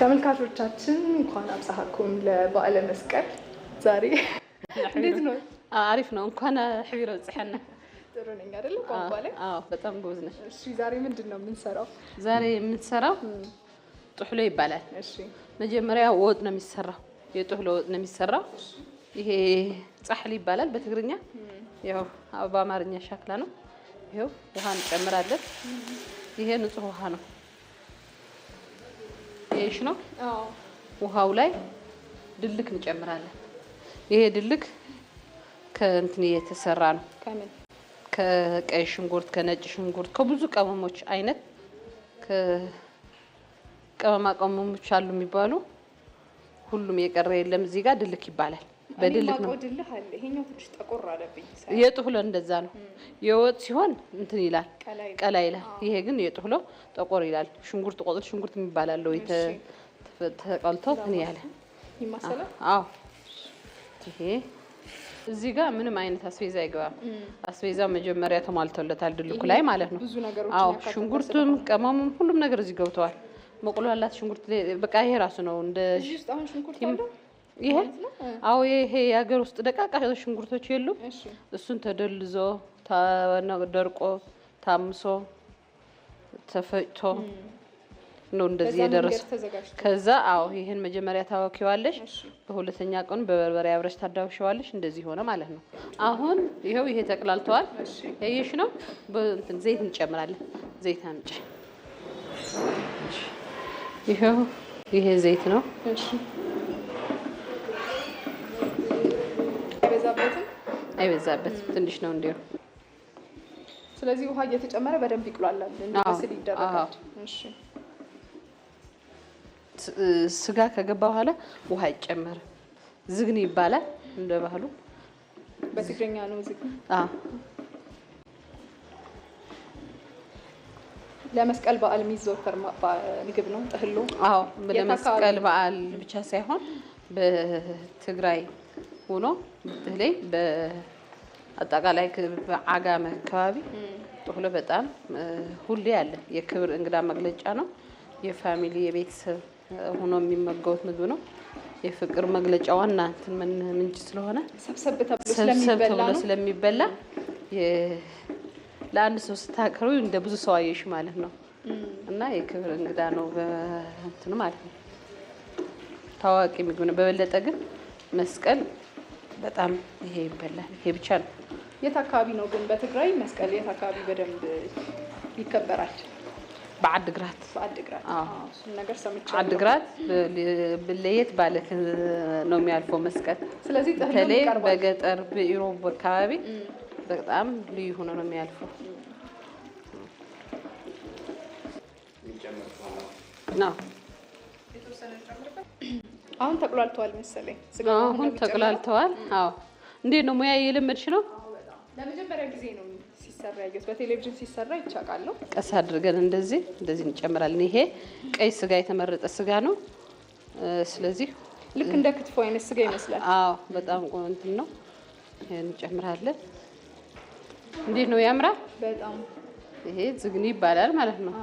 ተመልካቾቻችን እንኳን አብፀሐኩም ለበዓለ መስቀል። ዛሬ እንዴት ነው? አሪፍ ነው። እንኳን ሕቢሮ ፅሐና ጥሩ ነኝ አይደል? ቋንቋ ላይ በጣም ነሽ። እሺ፣ ዛሬ ምንድን ነው የምንሰራው? ዛሬ የምንሰራው ጥሕሎ ይባላል። እሺ፣ መጀመሪያ ወጥ ነው የሚሰራው፣ የጥሕሎ ወጥ ነው የሚሰራው። ይሄ ጻሕሊ ይባላል በትግርኛ። ያው በአማርኛ ሻክላ ነው። ይሄው ውሃ እንጨምራለን። ይሄ ንጹህ ውሃ ነው። እያየሽ ነው። ውሃው ላይ ድልክ እንጨምራለን። ይሄ ድልክ ከእንትን የተሰራ ነው። ከቀይ ሽንኩርት፣ ከነጭ ሽንኩርት፣ ከብዙ ቅመሞች አይነት ቅመማ ቅመሞች አሉ የሚባሉ ሁሉም የቀረ የለም። እዚህ ጋር ድልክ ይባላል። በድልህ ነው። ይሄኛው እንደዛ ነው። የወጥ ሲሆን እንትን ይላል፣ ቀላ ይላል። ይሄ ግን የጥህሎ ጠቆር ይላል። ሽንኩርት ቆጥል ሽንኩርት የሚባል አለው ተቀልቶ እንትን ያለ አዎ። ይሄ እዚህ ጋር ምንም አይነት አስቤዛ አይገባም። አስቤዛ መጀመሪያ ተሟልቶለታል ድልኩ ላይ ማለት ነው። አዎ ሽንኩርቱም ቅመሙም ሁሉም ነገር እዚህ ገብተዋል። መቁላላት ሽንኩርት በቃ ይሄ ራሱ ነው እንደ ይሄ አዎ፣ ይሄ የሀገር ውስጥ ደቃቃ ሽንኩርቶች የሉም። እሱን ተደልዞ ደርቆ ታምሶ ተፈጭቶ ነው እንደዚህ የደረሰ ከዛ አዎ፣ ይሄን መጀመሪያ ታወኪዋለሽ። በሁለተኛ ቀን በበርበሬ አብረሽ ታዳውሽዋለሽ። እንደዚህ ሆነ ማለት ነው። አሁን ይኸው ይሄ ተቅላልተዋል። ያየሽ ነው። በእንትን ዘይት እንጨምራለን። ዘይት አምጪ። ይኸው ይሄ ዘይት ነው። አይበዛበት ትንሽ ነው እንዲሁ። ስለዚህ ውሃ እየተጨመረ በደንብ ይቅሏላል ይደረጋል። ስጋ ከገባ በኋላ ውሃ አይጨመርም። ዝግን ይባላል እንደ ባህሉ በትግርኛ ነው ዝግን። ለመስቀል በዓል የሚዘወተር ምግብ ነው ጥህሎ። አዎ ለመስቀል በዓል ብቻ ሳይሆን በትግራይ ሆኖ በተለይ በአጠቃላይ አጋመ አካባቢ ጥህሎ በጣም ሁሌ አለ። የክብር እንግዳ መግለጫ ነው። የፋሚሊ የቤተሰብ ሆኖ የሚመገቡት ምግብ ነው። የፍቅር መግለጫ ዋና እንትን ምንጭ ስለሆነ ሰብሰብ ተብሎ ስለሚበላ ለአንድ ሰው ስታቀርቡ እንደ ብዙ ሰው አየሽ ማለት ነው እና የክብር እንግዳ ነው በእንትኑ ማለት ነው። ታዋቂ ምግብ ነው። በበለጠ ግን መስቀል በጣም ይሄ ይበላል። ይሄ ብቻ ነው። የት አካባቢ ነው ግን በትግራይ መስቀል የት አካባቢ በደንብ ይከበራል? በዓድግራት እሱን ነገር ሰምቻለሁ። ዓድግራት ለየት ባለ ነው የሚያልፈው መስቀል። ስለዚህ በተለይ በገጠር በኢሮብ አካባቢ በጣም ልዩ ሆኖ ነው የሚያልፈው። ጨምርበት አሁን ተቁላልተዋል መሰለኝ። አሁን ተቁላልተዋል። አዎ። እንዴት ነው ሙያ የለመድሽ ነው? ለመጀመሪያ ጊዜ ነው ሲሰራ ያየሁት። በቴሌቪዥን ሲሰራ ይቻቃለሁ። ቀስ አድርገን እንደዚህ እንደዚህ እንጨምራለን። ይሄ ቀይ ስጋ የተመረጠ ስጋ ነው። ስለዚህ ልክ እንደ ክትፎ አይነት ስጋ ይመስላል። አዎ፣ በጣም እንትን ነው። ይሄን እንጨምራለን። እንዴት ነው ያምራል። በጣም ይሄ ዝግኒ ይባላል ማለት ነው።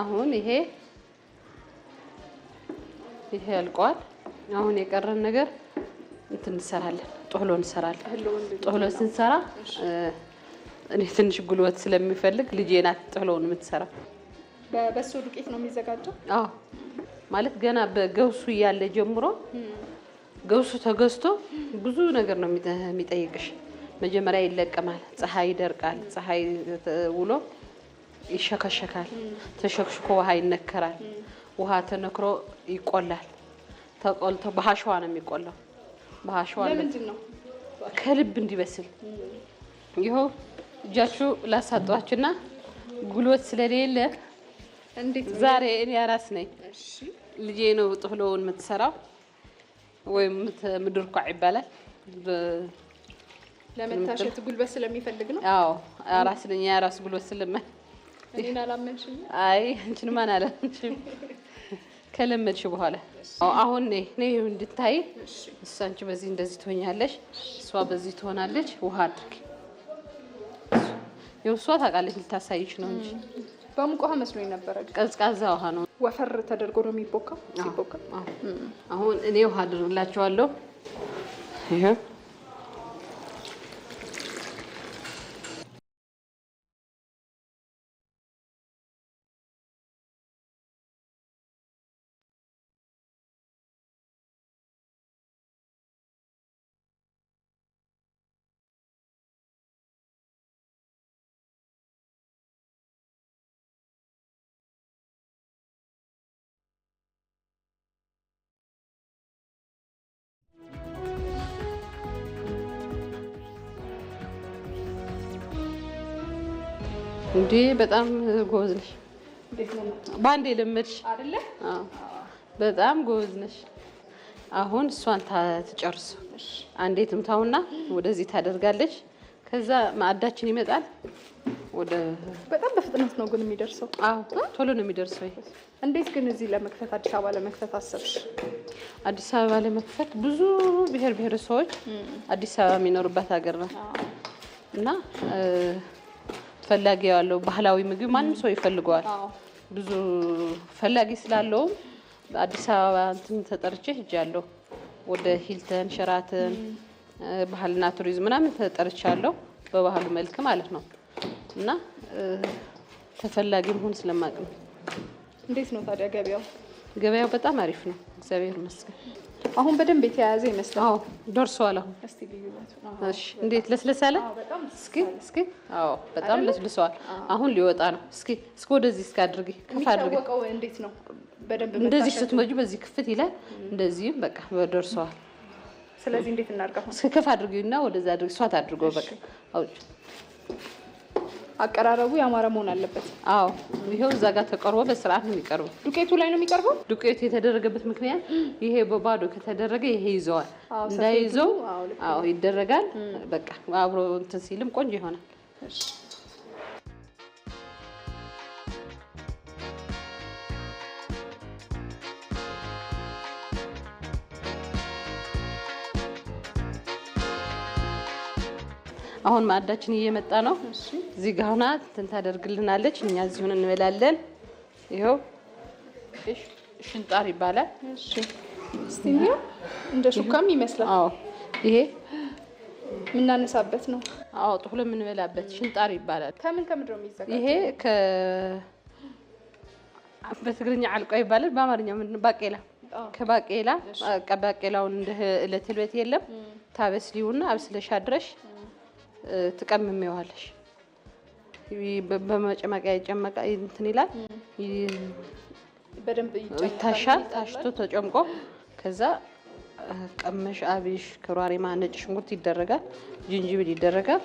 አሁን ይሄ ይሄ ያልቀዋል። አሁን የቀረን ነገር እንትን እንሰራለን፣ ጦህሎ እንሰራለን። ጦህሎ ስንሰራ እኔ ትንሽ ጉልበት ስለሚፈልግ ልጄ ናት ጦህሎውን የምትሰራው። በሶ ዱቄት ነው የሚዘጋጀው። አዎ ማለት ገና በገብሱ እያለ ጀምሮ ገብሱ ተገዝቶ ብዙ ነገር ነው የሚጠይቅሽ። መጀመሪያ ይለቀማል፣ ፀሐይ ይደርቃል። ፀሐይ ውሎ ይሸከሸካል። ተሸክሽኮ ውሃ ይነከራል። ውሃ ተነክሮ ይቆላል። ተቆልቶ በሀሸዋ ነው የሚቆላው። በሀሸዋ ከልብ እንዲበስል ይኸው እጃችሁ ላሳጧችሁና ጉልበት ስለሌለ ዛሬ እኔ አራስ ነኝ። ልጄ ነው ጥፍሎውን የምትሰራው ወይም ምድር ኳዕ ይባላል። ለመታሸት ጉልበት ስለሚፈልግ ነው። አዎ አራስ ነኝ። የአራስ ጉልበት ስለማ አይ አንቺን ማን አላመንሽም? ከለመድሽ በኋላ አሁን እኔ እንድታይ እሷ አንቺ በዚህ እንደዚህ ትሆኛለሽ፣ እሷ በዚህ ትሆናለች። ውሃ አድርግ። የውሷ ታውቃለች፣ ልታሳይች ነው እንጂ በሙቅ ውሃ መስሎኝ ነበረ። ቀዝቃዛ ውሃ ነው፣ ወፈር ተደርጎ ነው የሚቦካው። አሁን እኔ ውሃ አድርግላቸዋለሁ። እንዴ በጣም ጎበዝ ነሽ። ባንዴ ለመድሽ አይደለ? አዎ በጣም ጎበዝ ነሽ። አሁን እሷን ትጨርሱ። አንዴ ትምታውና ወደዚህ ታደርጋለች። ከዛ ማዕዳችን ይመጣል። ወደ በጣም በፍጥነት ነው ግን የሚደርሰው። አዎ ቶሎ ነው የሚደርሰው። እንዴት ግን እዚህ ለመክፈት አዲስ አበባ ለመክፈት አሰብሽ? አዲስ አበባ ለመክፈት ብዙ ብሔር ብሔረሰቦች አዲስ አበባ የሚኖሩባት ሀገር ነው እና ፈላጊ ያለው ባህላዊ ምግብ ማንም ሰው ይፈልገዋል። ብዙ ፈላጊ ስላለውም አዲስ አበባ እንትን ተጠርቼ ሄጃለሁ። ወደ ሂልተን፣ ሸራተን ባህልና ቱሪዝም ምናምን ተጠርቻለሁ። በባህሉ መልክ ማለት ነው እና ተፈላጊ መሆን ስለማቅ ነው። እንዴት ነው ታዲያ ገበያው? ገበያው በጣም አሪፍ ነው፣ እግዚአብሔር ይመስገን። አሁን በደንብ የተያያዘ ይመስላል። አዎ ደርሷል። አሁን እንዴት ለስለስ ያለ እስኪ እስኪ አዎ በጣም ለስልሷል። አሁን ሊወጣ ነው። እስኪ እስኪ ወደዚህ እስኪ አድርጊ፣ ከፍ አድርጊ። እንዴት ነው እንደዚህ ስትመጪ በዚህ ክፍት ይላል። እንደዚህም በቃ ደርሷል። ስለዚህ እንዴት እናድርገው? እስኪ ከፍ አድርጊውና ወደዛ አድርጊ። እሷት አድርጎ በቃ አውጭ አቀራረቡ ያማረ መሆን አለበት። አዎ ይሄው እዛ ጋር ተቀርቦ በስርዓት ነው የሚቀርበው። ዱቄቱ ላይ ነው የሚቀርበው። ዱቄቱ የተደረገበት ምክንያት ይሄ በባዶ ከተደረገ ይሄ ይዘዋል፣ እንዳይዘው አዎ ይደረጋል። በቃ አብሮ እንትን ሲልም ቆንጆ ይሆናል። አሁን ማዕዳችን እየመጣ ነው። እዚህ ጋር ሆና እንትን ታደርግልናለች። እኛ እዚሁን እንበላለን። ይኸው ሽንጣር ይባላል። እንደ ሹካም ይመስላል። ይሄ የምናነሳበት ነው። አዎ፣ ጥሁሎ የምንበላበት ሽንጣር ይባላል። ከምን ከምን ነው ይሄ በትግርኛ አልቋ ይባላል። በአማርኛ ምንድነው? ባቄላ ከባቄላ ባቄላውን እንደ እለት ህልበት የለም ታበስሊውና አብስለሻ ድረሽ ትቀምሚዋለሽ። በመጨመቂያ ይጨመቃ እንትን ይላል በደንብ ይታሻል። ታሽቶ ተጨምቆ ከዛ ቀመሽ፣ አብሽ፣ ክሯሪማ፣ ነጭ ሽንኩርት ይደረጋል፣ ጅንጅብል ይደረጋል፣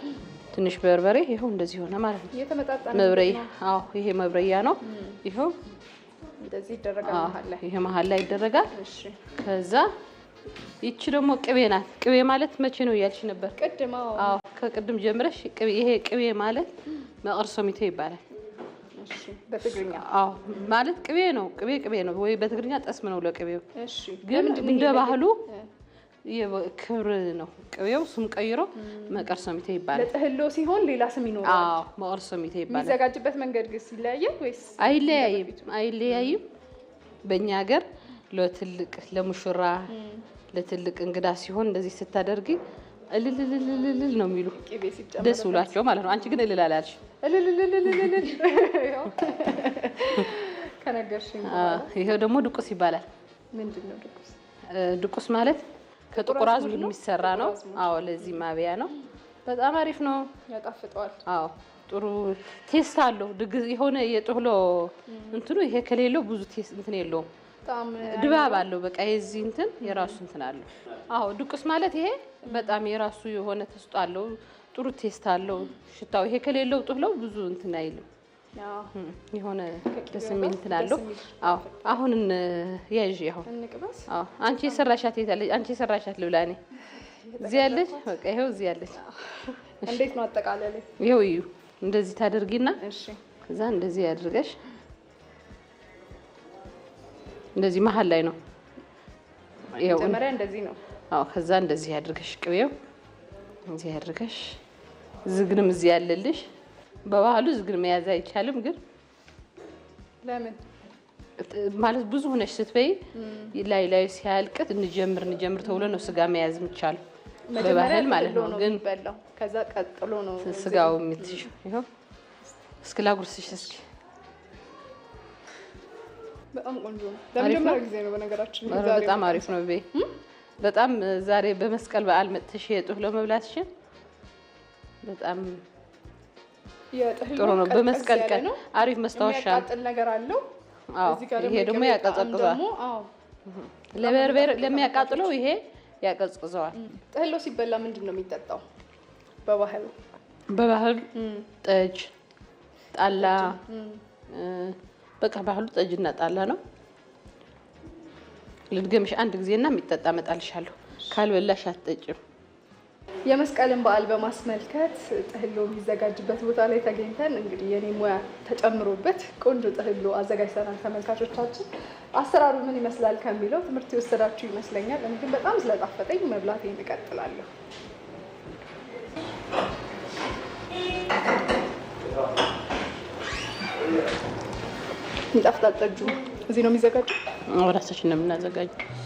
ትንሽ በርበሬ። ይኸው እንደዚህ ሆነ ማለት ነው። መብረይ አዎ፣ ይሄ መብረያ ነው። ይኸው ይሄ መሀል ላይ ይደረጋል። ከዛ ይቺ ደግሞ ቅቤ ናት። ቅቤ ማለት መቼ ነው እያልሽ ነበር ቅድም? አዎ ከቅድም ጀምረሽ ይሄ ቅቤ ማለት መቅርሶ ሚቶ ይባላል በትግርኛ። ማለት ቅቤ ነው። ቅቤ ቅቤ ነው ወይ በትግርኛ ጠስም ነው ለቅቤው። ግን እንደ ባህሉ ክብር ነው ቅቤው። ስም ቀይሮ መቀርሶ ሚቶ ይባላል። ለጥህሎ ሲሆን ሌላ ስም ይኖራል። መቀርሶ ሚቶ ይባላል። የሚዘጋጅበት መንገድ ግስ ሲለያየ ወይስ አይለያይም? አይለያይም በእኛ ሀገር ለትልቅ ለሙሽራ ለትልቅ እንግዳ ሲሆን እንደዚህ ስታደርጊ እልልልልልልል ነው የሚሉ ደስ ብሏቸው ማለት ነው። አንቺ ግን እልል አላልሽ። እልልልልልል ከነገርሽኝ። ይሄው ደግሞ ድቁስ ይባላል። ምንድን ነው ድቁስ? ድቁስ ማለት ከጥቁር አዝሙድ የሚሰራ ነው። አዎ ለዚህ ማብያ ነው። በጣም አሪፍ ነው። ያጣፍጠዋል። አዎ ጥሩ ቴስት አለው። ድግስ የሆነ የጥህሎ እንትኑ ይሄ ከሌለው ብዙ ቴስት እንትን የለውም። ድባብ አለው። በቃ የዚህ እንትን የራሱ እንትን አለው። አዎ ድቁስ ማለት ይሄ በጣም የራሱ የሆነ ተስጦ አለው። ጥሩ ቴስት አለው ሽታው። ይሄ ከሌለው ጥህለው ብዙ እንትን አይልም። የሆነ ደስ የሚል እንትን አለው። አዎ አሁን ያዥ አሁን አንቺ የሰራሻት የታለች? አንቺ የሰራሻት ልብላ እኔ እዚህ ያለች በቃ ይኸው እዚህ ያለች። እንዴት ነው አጠቃላይ? ይኸው እዩ። እንደዚህ ታደርጊና እዛ እንደዚህ ያድርገሽ እንደዚህ መሀል ላይ ነው። መጀመሪያ እንደዚህ ነው። አዎ፣ ከዛ እንደዚህ ያድርገሽ፣ ቅቤው እዚህ ያድርገሽ። ዝግንም እዚህ ያለልሽ። በባህሉ ዝግን መያዝ አይቻልም፣ ግን ለምን ማለት ብዙ ሆነሽ ስትበይ ላይ ላይ ሲያልቅት እንጀምር እንጀምር ተብሎ ነው ስጋ መያዝ የሚቻለው በባህል ማለት ነው። ግን ስጋው የሚትሽ እስኪ ላጉርስሽ እስኪ በጣም ቆንጆ ለመጀመሪያ ጊዜ ነው በነገራችን። በጣም አሪፍ ነው። ቤ በጣም ዛሬ በመስቀል በዓል መጥተሽ የጥፍ ለመብላትሽን በጣም ጥሩ ነው። በመስቀል ቀን አሪፍ መስታወሻ ነገር አለው። ይሄ ደግሞ ያቀዘቅዟል። ለበርበሬ ለሚያቃጥለው ይሄ ያቀዝቅዘዋል። ጥህሎ ሲበላ ምንድን ነው የሚጠጣው? በባህል በባህል ጠጅ፣ ጠላ በቃ ባህሉ ጠጅ እናጣላ ነው። ልድገምሽ አንድ ጊዜና የሚጠጣ መጣልሻለሁ። ካልበላሽ አትጠጭም። የመስቀልን በዓል በማስመልከት ጥህሎ የሚዘጋጅበት ቦታ ላይ ተገኝተን እንግዲህ የኔ ሙያ ተጨምሮበት ቆንጆ ጥህሎ አዘጋጅተናል። ተመልካቾቻችን አሰራሩ ምን ይመስላል ከሚለው ትምህርት የወሰዳችሁ ይመስለኛል። ግን በጣም ስለጣፈጠኝ መብላቴን እቀጥላለሁ። እንጣፍጣጣጁ እዚህ ነው የሚዘጋጀው። ራሳችን ነው የምናዘጋጀው።